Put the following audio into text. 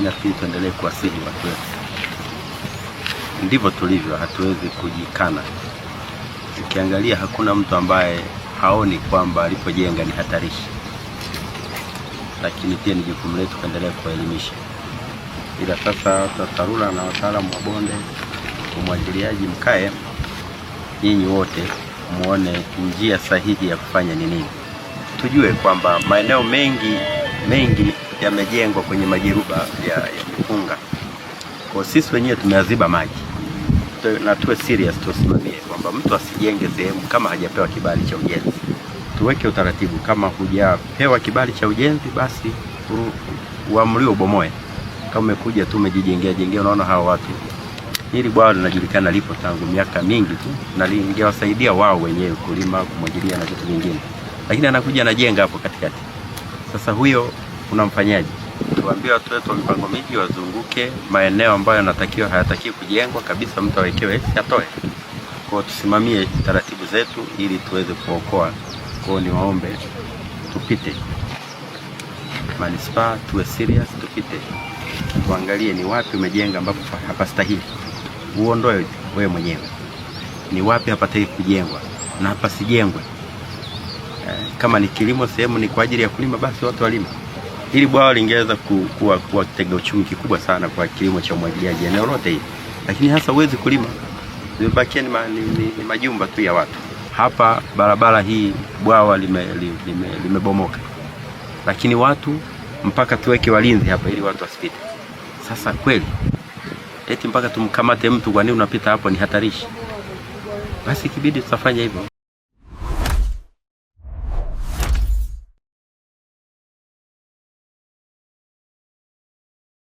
nafikiri tuendelee kuwasihi watu wetu, ndivyo tulivyo, hatuwezi kujikana. Ukiangalia hakuna mtu ambaye haoni kwamba alipojenga ni hatarishi, lakini pia ni jukumu letu kuendelea kuwaelimisha. Ila sasa TARURA na wataalamu wa bonde umwajiliaji mkae nyinyi wote muone njia sahihi ya kufanya ni nini. Tujue kwamba maeneo mengi mengi yamejengwa kwenye majiruba ya, ya mpunga. Kwa sisi wenyewe tumeaziba maji na tuwe serious, tusimamie kwamba mtu asijenge sehemu kama hajapewa kibali cha ujenzi. Tuweke utaratibu, kama hujapewa kibali cha ujenzi basi uamriwe ubomoe. Kama umekuja tu umejijengea jengea, unaona hawa watu hili bwawa linajulikana lipo tangu miaka mingi tu, na lingewasaidia wao wenyewe kulima, kumwagilia na vitu vingine, lakini anakuja anajenga hapo katikati. Sasa huyo unamfanyaje? Tuambie watu wetu wa mipango miji wazunguke maeneo ambayo yanatakiwa hayatakiwi kujengwa kabisa, mtu awekewe atoe kwao. Tusimamie taratibu zetu ili tuweze kuokoa Kwa Ni waombe tupite manispaa, tuwe serious, tupite tuangalie ni wapi umejenga ambapo hapastahili, uondoe wewe mwenyewe. Ni wapi hapataki kujengwa na hapa sijengwe. Eh, kama ni kilimo, sehemu ni kwa ajili ya kulima, basi watu walima. Hili bwawa lingeweza ku, kuwa, kuwa kitega uchumi kikubwa sana kwa kilimo cha umwagiliaji eneo lote hili, lakini hasa huwezi kulima, zimebakia ni, ma, ni, ni, ni majumba tu ya watu hapa. Barabara hii bwawa limebomoka, lime, lime, lime lakini watu mpaka tuweke walinzi hapa ili watu wasipite. Sasa kweli eti mpaka tumkamate mtu, kwa nini unapita hapo? Ni hatarishi. Basi kibidi tutafanya hivyo.